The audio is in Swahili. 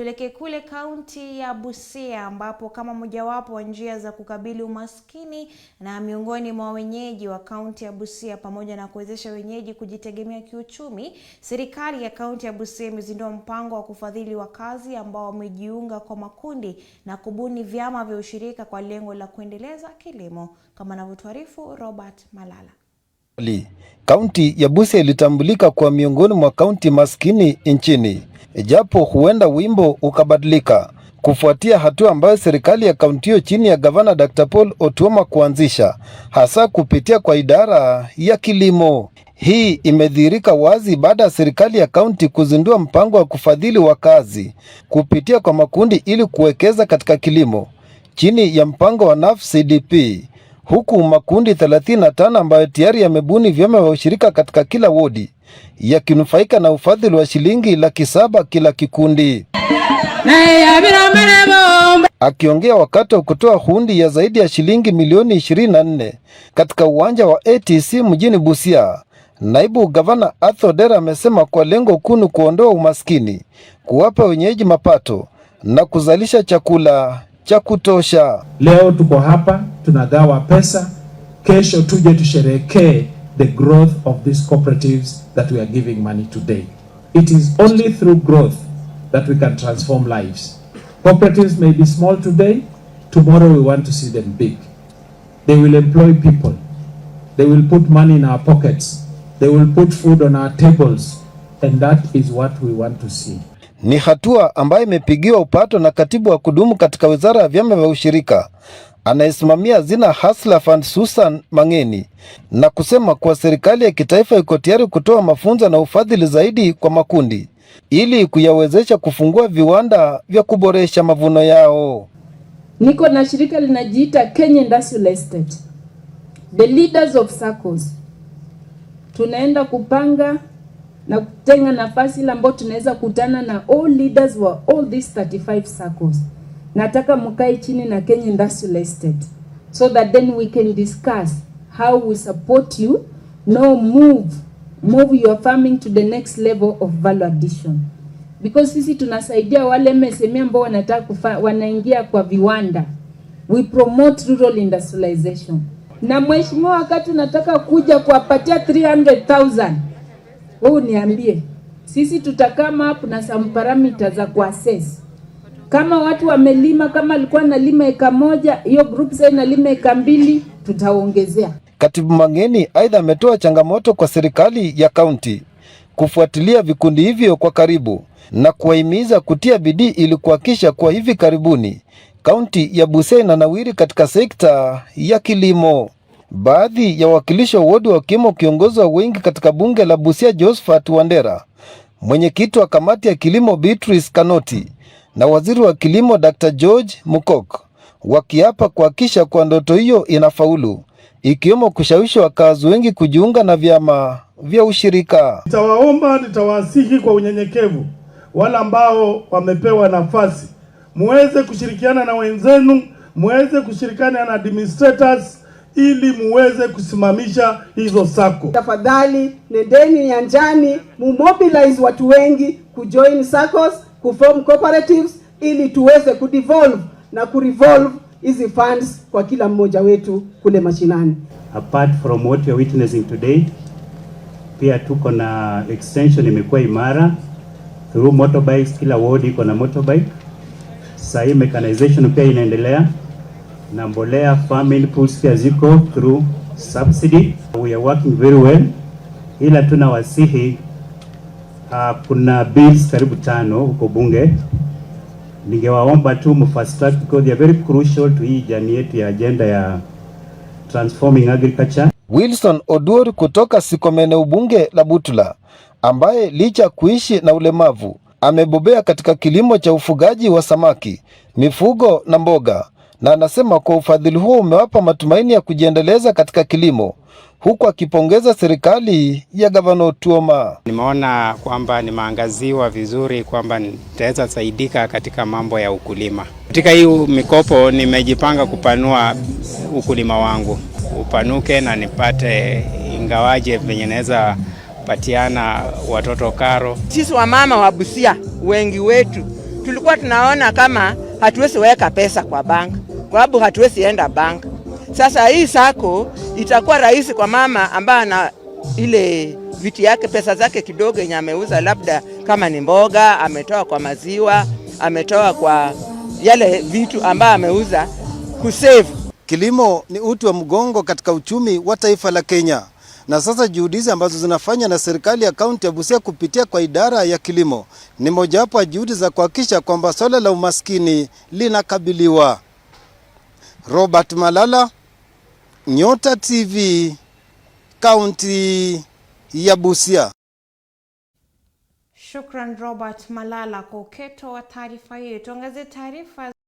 Tuelekee kule kaunti ya Busia ambapo kama mojawapo wa njia za kukabili umaskini na miongoni mwa wenyeji wa kaunti ya Busia pamoja na kuwezesha wenyeji kujitegemea kiuchumi, serikali ya kaunti ya Busia imezindua mpango wa kufadhili wakazi ambao wamejiunga kwa makundi na kubuni vyama vya ushirika kwa lengo la kuendeleza kilimo, kama anavyotuarifu Robert Malala awali, kaunti ya Busia ilitambulika kwa miongoni mwa kaunti maskini nchini, japo huenda wimbo ukabadilika kufuatia hatua ambayo serikali ya kaunti hiyo chini ya gavana Dr. Paul Otuoma kuanzisha hasa kupitia kwa idara ya kilimo. Hii imedhihirika wazi baada ya serikali ya kaunti kuzindua mpango wa kufadhili wakazi kupitia kwa makundi ili kuwekeza katika kilimo chini ya mpango wa NAFF huku makundi 35 ambayo tayari yamebuni vyama vya ushirika katika kila wodi yakinufaika na ufadhili wa shilingi laki saba kila kikundi. Akiongea wakati wa kutoa hundi ya zaidi ya shilingi milioni 24 katika uwanja wa ATC mjini Busia, naibu gavana Arthur Dera amesema kwa lengo kuu ni kuondoa umaskini, kuwapa wenyeji mapato na kuzalisha chakula cha kutosha. Leo tuko hapa tunagawa pesa, kesho tuje tusherehekee the growth of these cooperatives that we are giving money today. It is only through growth that we can transform lives. Cooperatives may be small today, tomorrow we want to see them big. They will employ people. They will put money in our pockets. They will put food on our tables and that is what we want to see. Ni hatua ambayo imepigiwa upato na katibu wa kudumu katika Wizara ya Vyama vya Ushirika anayesimamia zina Hasla Fund Susan Mangeni na kusema kuwa serikali ya kitaifa iko tayari kutoa mafunzo na ufadhili zaidi kwa makundi ili kuyawezesha kufungua viwanda vya kuboresha mavuno yao. Niko na shirika linajiita Kenya Industrial Estate. The leaders of circles. Tunaenda kupanga na kutenga nafasi ile ambayo tunaweza kutana na all leaders wa all these 35 circles nataka mkae chini na Kenya Industrial Estate so that then we can discuss how we support you no move move your farming to the next level of value addition because sisi tunasaidia wale MSME ambao wanataka kufa, wanaingia kwa viwanda we promote rural industrialization. Na mheshimiwa, wakati unataka kuja kuwapatia 300,000 wewe niambie, sisi tutakama map na some parameters za kuassess kama watu wamelima, kama alikuwa analima eka moja, hiyo group sasa inalima eka mbili, tutaongezea. Katibu Mangeni aidha ametoa changamoto kwa serikali ya kaunti kufuatilia vikundi hivyo kwa karibu na kuwahimiza kutia bidii ili kuhakikisha kuwa hivi karibuni kaunti ya Busia inanawiri katika sekta ya kilimo. Baadhi ya wawakilishi wa wodi wakiwemo wakiongozwa wengi katika bunge la Busia, Josephat Wandera, mwenyekiti wa kamati ya kilimo Beatrice Kanoti na waziri wa kilimo Dr. George Mukok wakiapa kuhakisha kuwa ndoto hiyo inafaulu, ikiwemo kushawishi wakazi wengi kujiunga na vyama vya ushirika. Nitawaomba, nitawasihi kwa unyenyekevu wale ambao wamepewa nafasi, muweze kushirikiana na wenzenu, muweze kushirikiana na administrators ili muweze kusimamisha hizo sako. Tafadhali nendeni nyanjani, mumobilize watu wengi kujoin SACCOS kuform cooperatives ili tuweze kudevolve na kurevolve hizi funds kwa kila mmoja wetu kule mashinani. Apart from what you are witnessing today, pia tuko na extension imekuwa imara through motorbikes, kila ward iko na motorbike. Sasa hii mechanization pia inaendelea na mbolea farm inputs pia ziko through subsidy. We are working very well, ila tunawasihi Uh, kuna bills karibu tano huko bunge. Ningewaomba tu mfast track because they are very crucial to hii jani yetu ya agenda ya transforming agriculture. Wilson Odur kutoka Sikomene ubunge la Butula, ambaye licha kuishi na ulemavu amebobea katika kilimo cha ufugaji wa samaki, mifugo na mboga, na anasema kwa ufadhili huo umewapa matumaini ya kujiendeleza katika kilimo huku akipongeza serikali ya Gavana Otuoma. Nimeona kwamba nimeangaziwa vizuri kwamba nitaweza saidika katika mambo ya ukulima. Katika hii mikopo nimejipanga kupanua ukulima wangu upanuke na nipate ingawaje venye naweza patiana watoto karo. Sisi wamama wa Busia wengi wetu tulikuwa tunaona kama hatuwezi weka pesa kwa bank, kwa sababu hatuwezi enda bank sasa hii sako itakuwa rahisi kwa mama ambaye ana ile viti yake pesa zake kidogo yenye ameuza, labda kama ni mboga ametoa kwa maziwa, ametoa kwa yale vitu ambayo ameuza kusave. Kilimo ni uti wa mgongo katika uchumi wa taifa la Kenya, na sasa juhudi hizi ambazo zinafanywa na serikali ya kaunti ya Busia kupitia kwa idara ya kilimo ni mojawapo ya juhudi za kuhakikisha kwamba swala la umaskini linakabiliwa. Robert Malala Nyota TV kaunti ya Busia. Shukran Robert Malala kwa uketo wa taarifa hiyo. Tuangazie taarifa